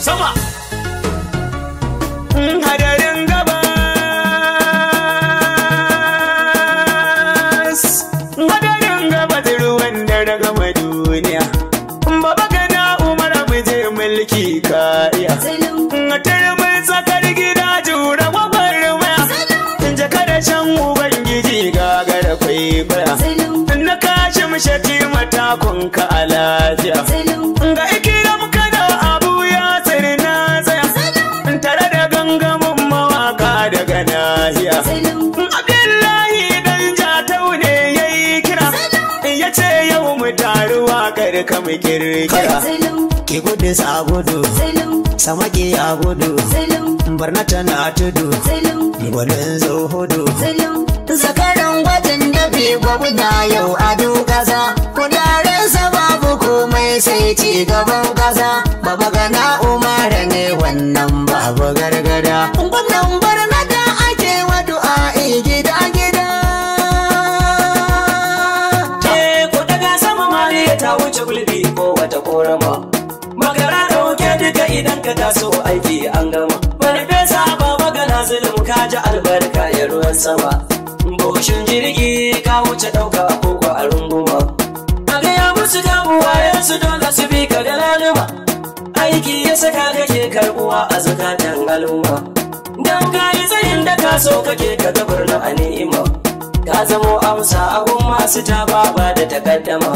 上吧，快点。kirkira ki gudu sa gudu sama ki a gudu barna tana tudu gwanin zuhudu zakaran gwajin dafi gwabda yau a dukaza kudarin sababu babu komai sai ci gaban kasa babu gana so aiki an gama farfesa ba magana zulum ka ji albarka ya ruwan sama Bushin jirgi ka wuce ɗauka koko a runguma a gaya musu damuwa su dole su bi ka galaluma aiki ya saka kake karbuwa a zakatan al'umma dan yi tsayin da ka so kake ka gabar na a ni'ima ka zamo amsa abun masu ta ba da takaddama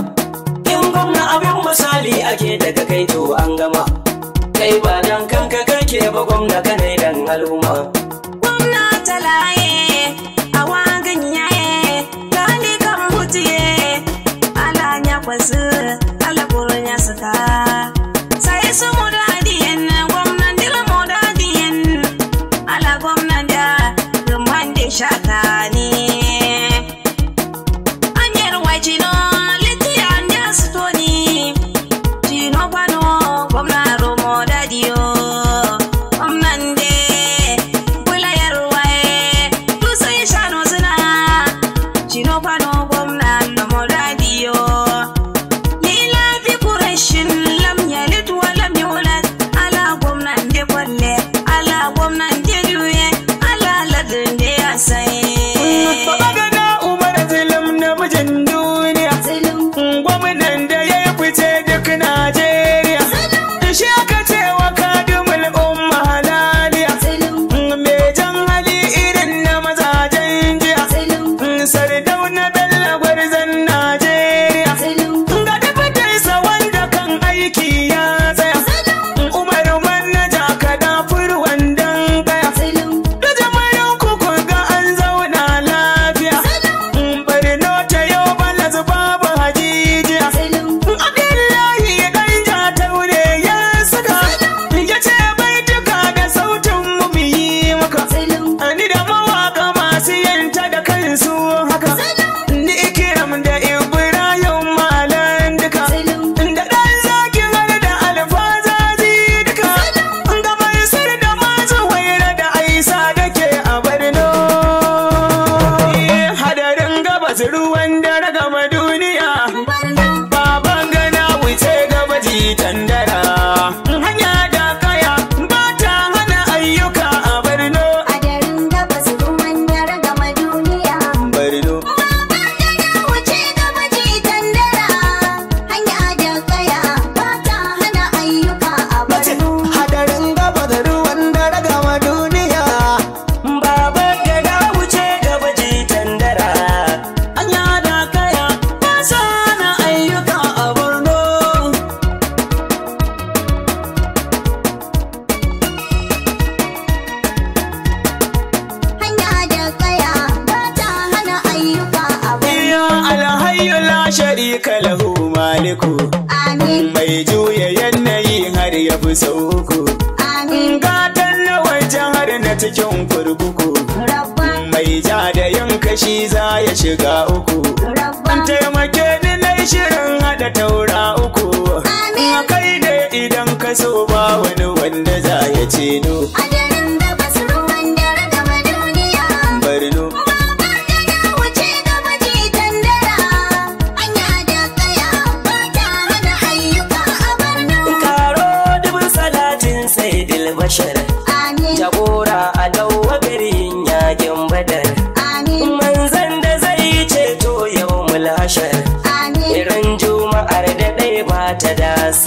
in gwamna abin misali ake daga kai to an gama kai ba nan kanka kake ba gwamna kanai dan al'umma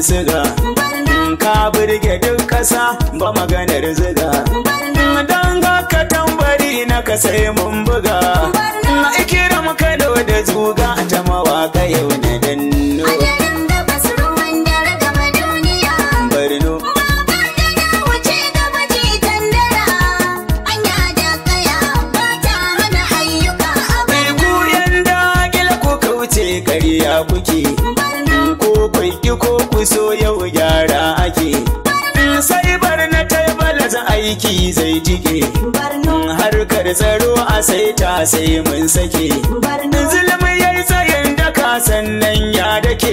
siga ka burge duk ƙasa ba maganar ziga don ga ka tambari na ka sai mun buga tsaro a saita sai mun sake. Zulmi ya yi tsayin daka sannan ya dake.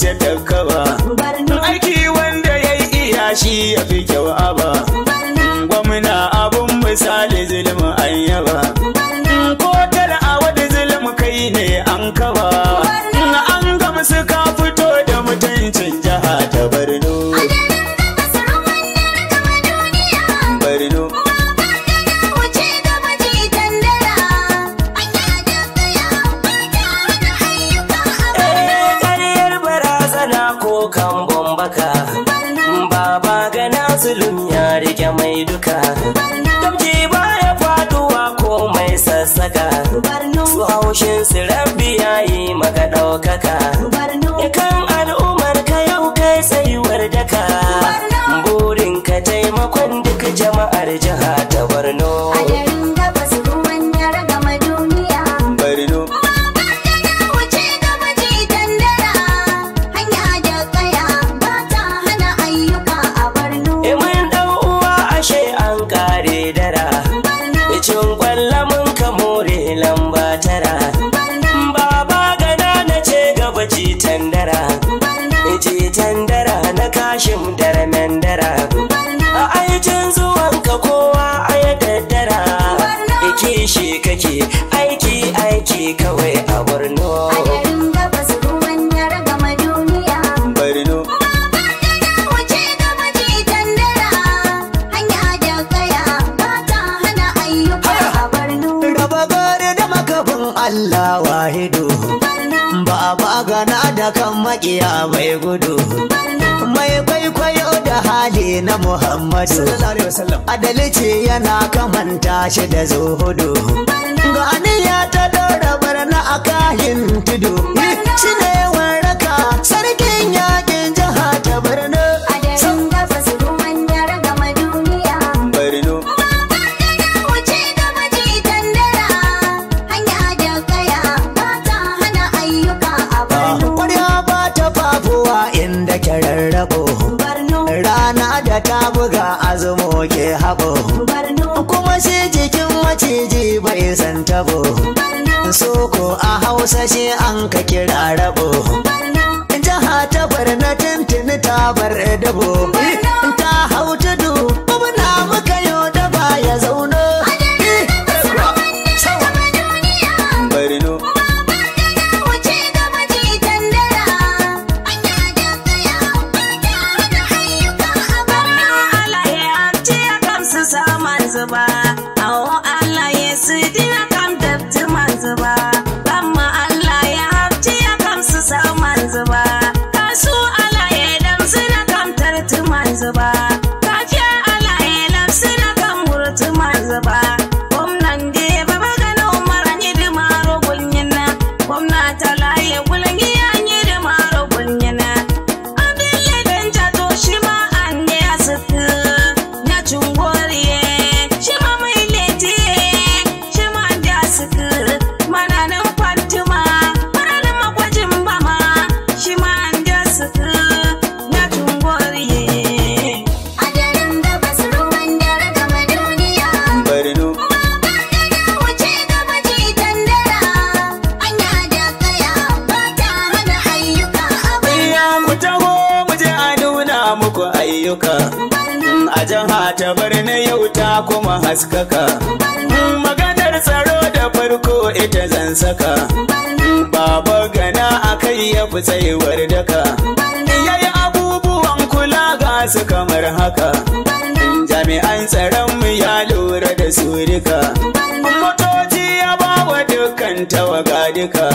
mace ta kaba aiki wanda ya yi iya shi ya fi kyau aba gwamna abun misali zulma na yi maka ɗaukaka. away. na Muhammad adalici yana kamanta shi da zuhudu ga ya ta dora barna a kahin tudu shi ne rabo soko a hausa ce an ka kirara haskaka maganar tsaro da farko ita zan saka baba gana a kai ya fi tsayuwar daka Ya yi abubuwan kula ga su kamar haka jami'an tsaron mu ya lura da su motoci ya bawa wa dukkan tawaga duka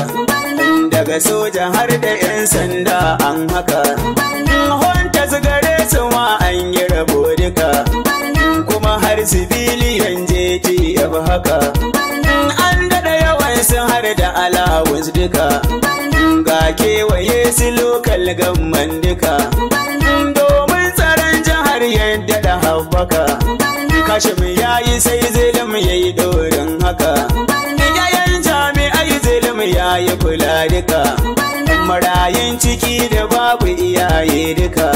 daga soja har da 'yan sanda an haka honta su su ma an yi rabo duka kuma har sibiliyan jeji ya bi haka an daɗa yawan sun har da alawus duka ga kewaye su lokal gamman duka domin tsaron jihar yadda da haɓaka kashim ya yi sai zilim ya yi dorin haka yayan jami'ai zilim ya yi kula duka marayun ciki da babu iyaye duka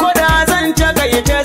kuda zan ta gaita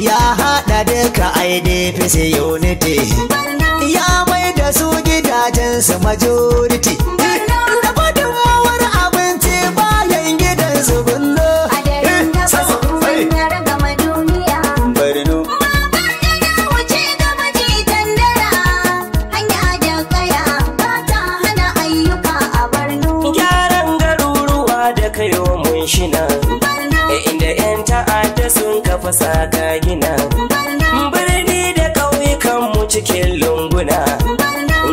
ya haɗa duka idp unity ya mai da su gidajensu majority fasa ga gina birni da ƙauyukan mu cikin lunguna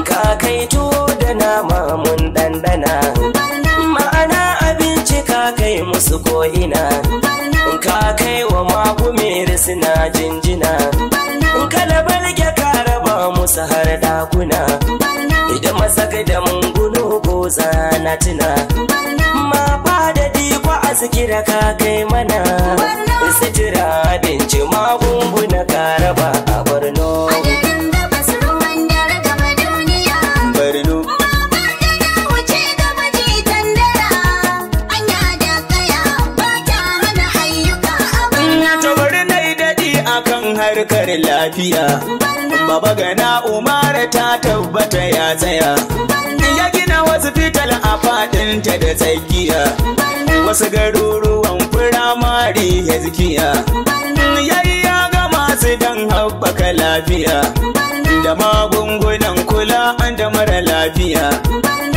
ka kai tuwo da nama mun ɗanɗana ma'ana abinci ka kai musu ko'ina ka kai wa magumiri suna jinjina kalabalge ka raba musu har ɗakuna idan masaka da mun ko na tuna masu kira ka kai mana sitira abinci magunguna karaba a borno harkar lafiya baba gana umara ta tabbata ya tsaya ya gina wasu fital a fadinta da tsakiya wasu garuruwan firamare hezkiya ya yi ya ga masu don haɓaka lafiya da magungunan kula da mara lafiya an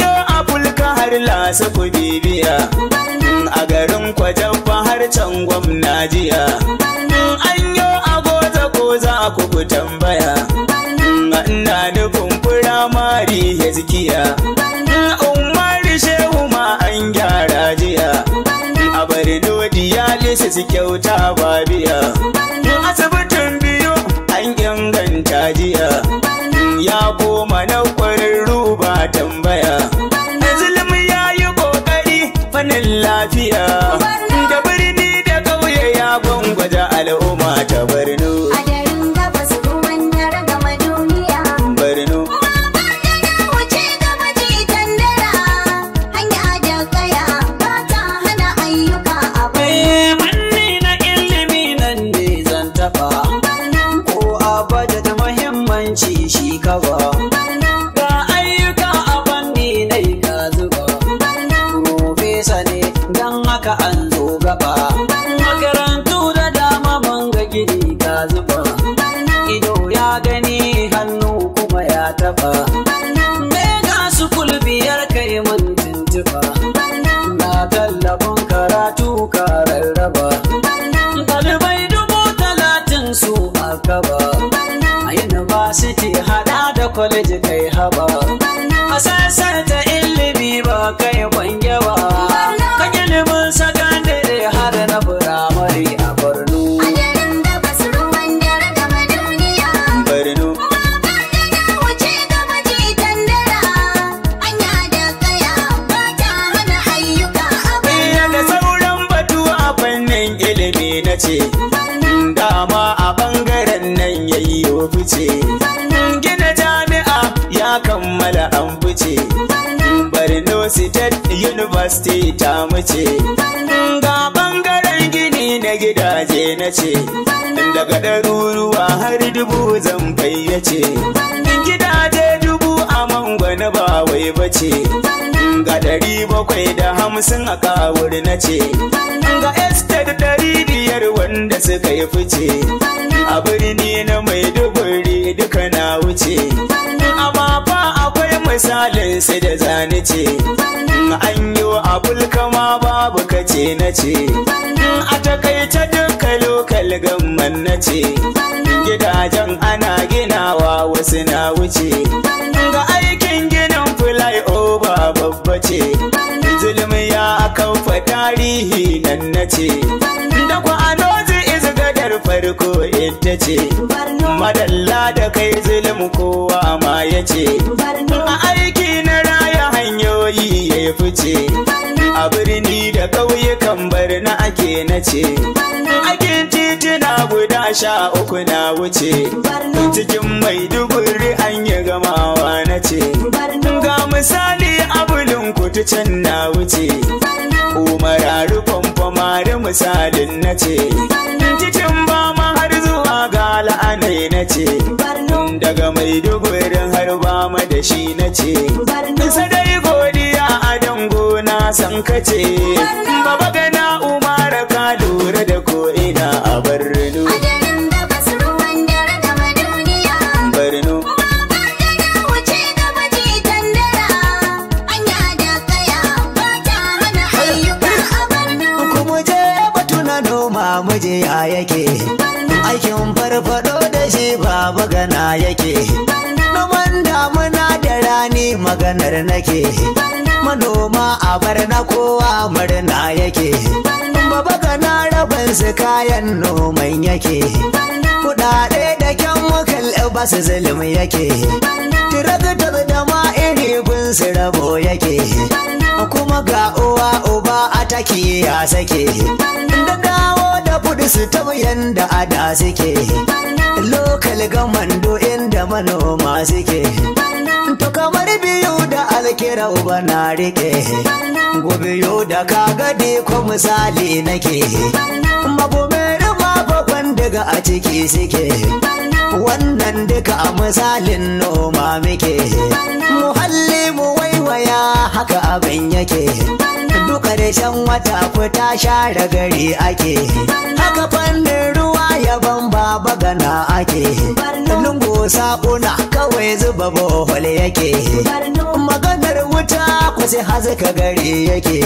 yi afulka har lasa ku a garin kwajen fahar can gwamna jiya mari hezkiya umaru shehu ma an gyara jiya a bari ya lisa su kyauta ba biya asibitin biyu an inganta jiya ya koma na haka an zo gaba na gidaje na ce daga ɗaruruwa har dubu zan fayyace gidaje dubu a na ba wai bace ga ɗari bakwai da hamsin a kawur na ce ga estate ɗari biyar wanda suka yi fice a birni na mai duburi duka na wuce misalin su da zane ce in an yi abul kama babu kace na ce in a takaita duka lokal gamman na ce gidajen ana ginawa wasu na wuce ga aikin ginin fulai oba babba ce zulmi ya akan tarihi nan na ce da kwa anoji maganar farko ita ce madalla da kai zulum kowa ma ya ce a aiki na raya hanyoyi ya yi fice a birni da ƙauyukan barna ake na ce titi titina guda sha uku na wuce cikin mai duburi an yi gamawa na ce ga misali abulin kutu can na wuce umara da misalin na ce cikin ba ma har zuwa ga la'anai na ce daga mai dugurin har ba ma da shi na ce dai godiya a dango na san kace baba gana umara ka lura da ko ina a barinu. yake na noman damuna da rani maganar nake manoma a bar na kowa murna yake baba gana rabin su kayan noman yake kuɗaɗe da kyan mukalli ba su zulum yake tiraktar da ma iri bin su rabo yake kuma ga uwa uba a taki ya sake da su taba yanda ada suke lokal gamando inda manoma suke to kamar biyu da alkira uba na rike gobe yau da kagade ko misali nake mabomere ma babban daga a ciki suke wannan duka a misalin noma muke muhalli mu wai waya haka abin yake duka da can wata fita share gari ake haka fannin ruwa yaban bamba bagana ake lungu sakuna kawai zuba bohol yake maganar wuta kwasi hazuka gari yake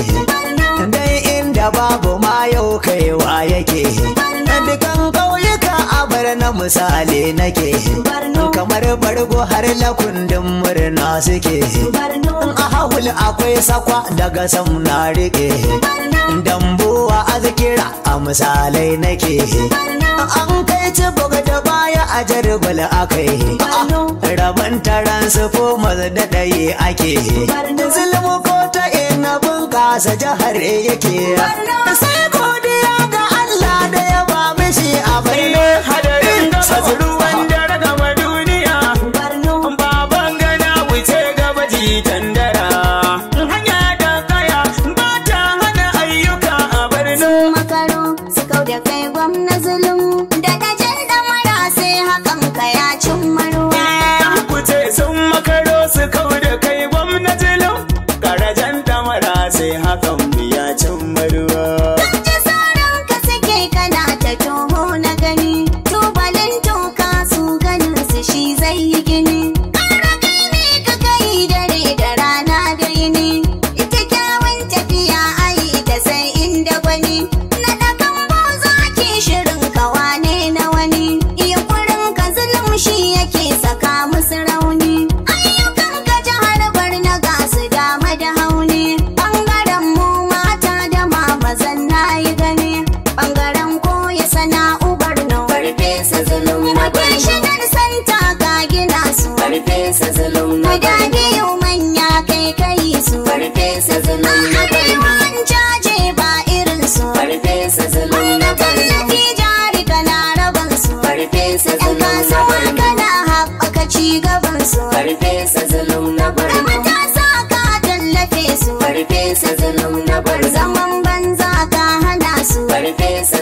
dai inda babu ma yau kaiwa yake misali nake kamar bargo har lakundin murna suke a hahul akwai sakwa daga sam na rike dambuwa a zikira a misalai nake an kai ci buga da baya a jaribal akai ah, rabon taron sufo maza da ake zulmu ko ta ina bunƙasa jihar yake sazu ruwan everything is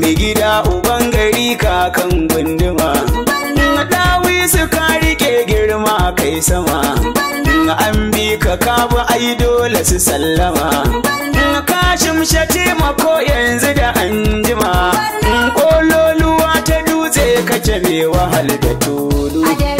mai gida uban gari kakan gunduma dawi su ka rike girma kai sama an bi ka kabu ai dole su sallama ka shimshe taimako yanzu da anjima ƙololuwa ta dutse kace mai wahal da tulu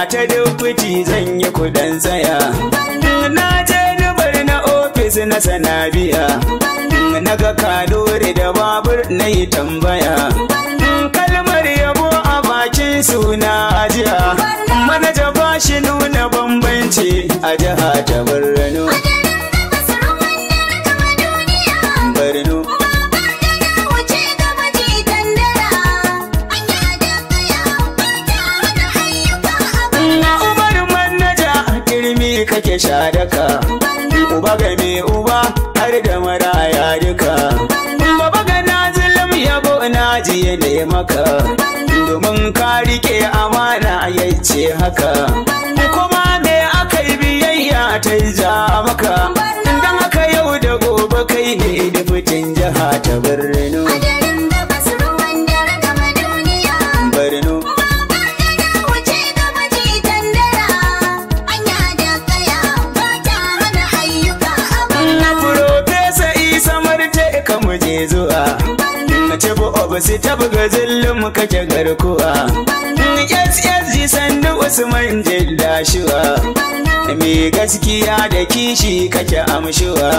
Ata ta zan yi kudan tsaya. na je dubar na ofis na sanabiya na ga kadori da babur na yi tambaya kalmar yabo a bakin suna ajiya manaja ba shi nuna bambanci a jiha ta birnin shadaka uba ga mai uba har da maraya duka baba ga nazilin yabo na ne maka domin ka rike amana yace haka kuma me aka biyayya ta ja maka dan haka yau da gobe kai ne da fitin jiha ta birnin su ta buga zillin kake garkuwa SSG sandu Usman jilla shuwa Me gaskiya da kishi kake amshuwa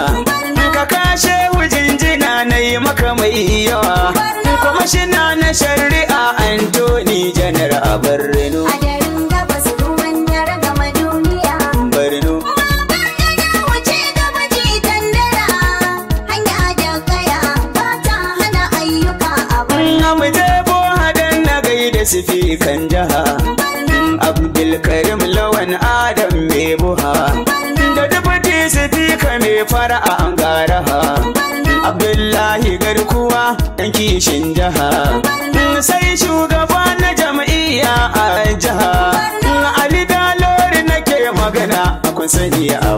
Ka kashe wujinjina na yi maka mai yawa Kuma shina na shari'a Antoni Janar a kishin jaha sai shugaba na jam'iyya a jaha Ali Dalori nake magana a kun sani a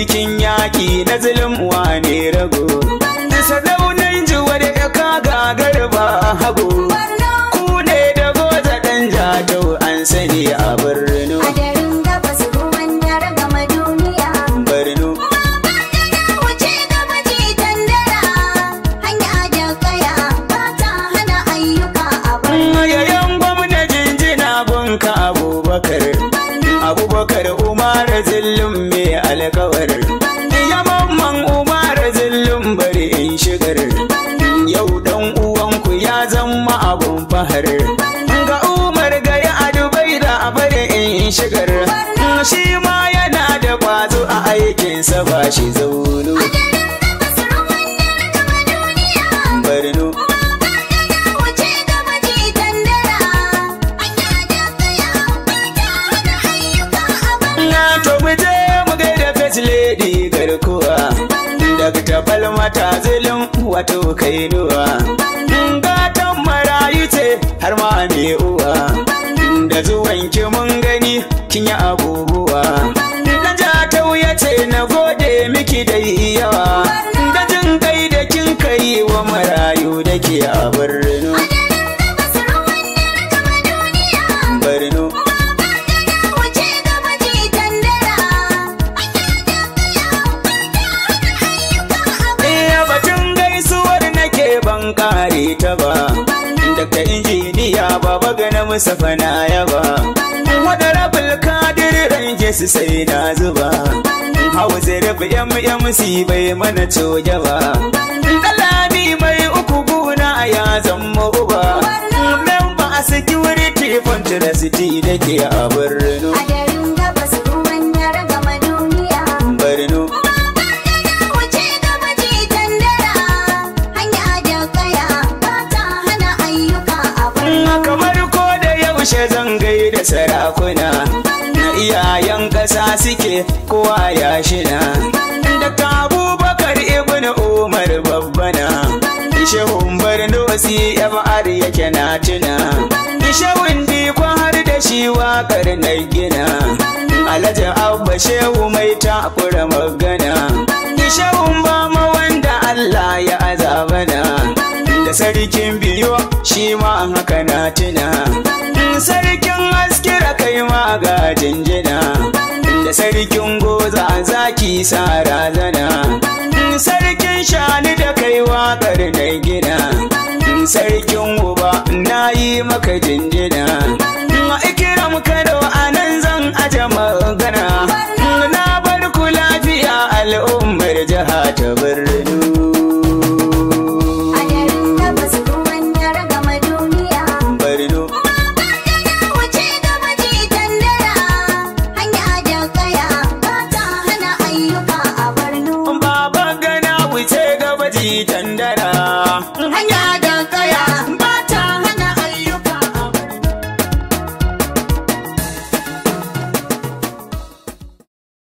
sarkin yaƙi na zulum wane rago zillin mai alkawar ya mamman umar zillin bari in shigar yau dan uwanku ya zama abun fahar ga umar gari a dubai da bari in shigar shi ma yana da kwazo a aikinsa ba shi zaulu ta zilin wato kainuwa gatan marayu ce har ma mai uwa da zuwan ki mun gani kin yi abubuwa na ja ta wuya ce na gode miki da yawa da jin kai da kin kai wa marayu da ke na musafa na yaba wada rabul kadir su sai na zuba hau zirfi yan bai mana coja ba dalabi mai uku guna ya zama uba memba a security fund da city da ke a birnin da sarakuna na iyayen ƙasa suke kowa ya shina da kabu bakar ibn umar babbana ishehun barno cmr yake na tuna ishehun diko har da shi wakar na gina alhaji abba shehu mai takura magana ishe humba ma wanda allah ya azabana da sarkin Biyu shi ma haka na tuna jinjina da sarkin goza zaki sa razana sarkin shani da kai waƙar na gina sarkin uba na yi maka jinjina ma ikiram kado a nan zan aje magana na bar ku lafiya al'ummar jiha ta birni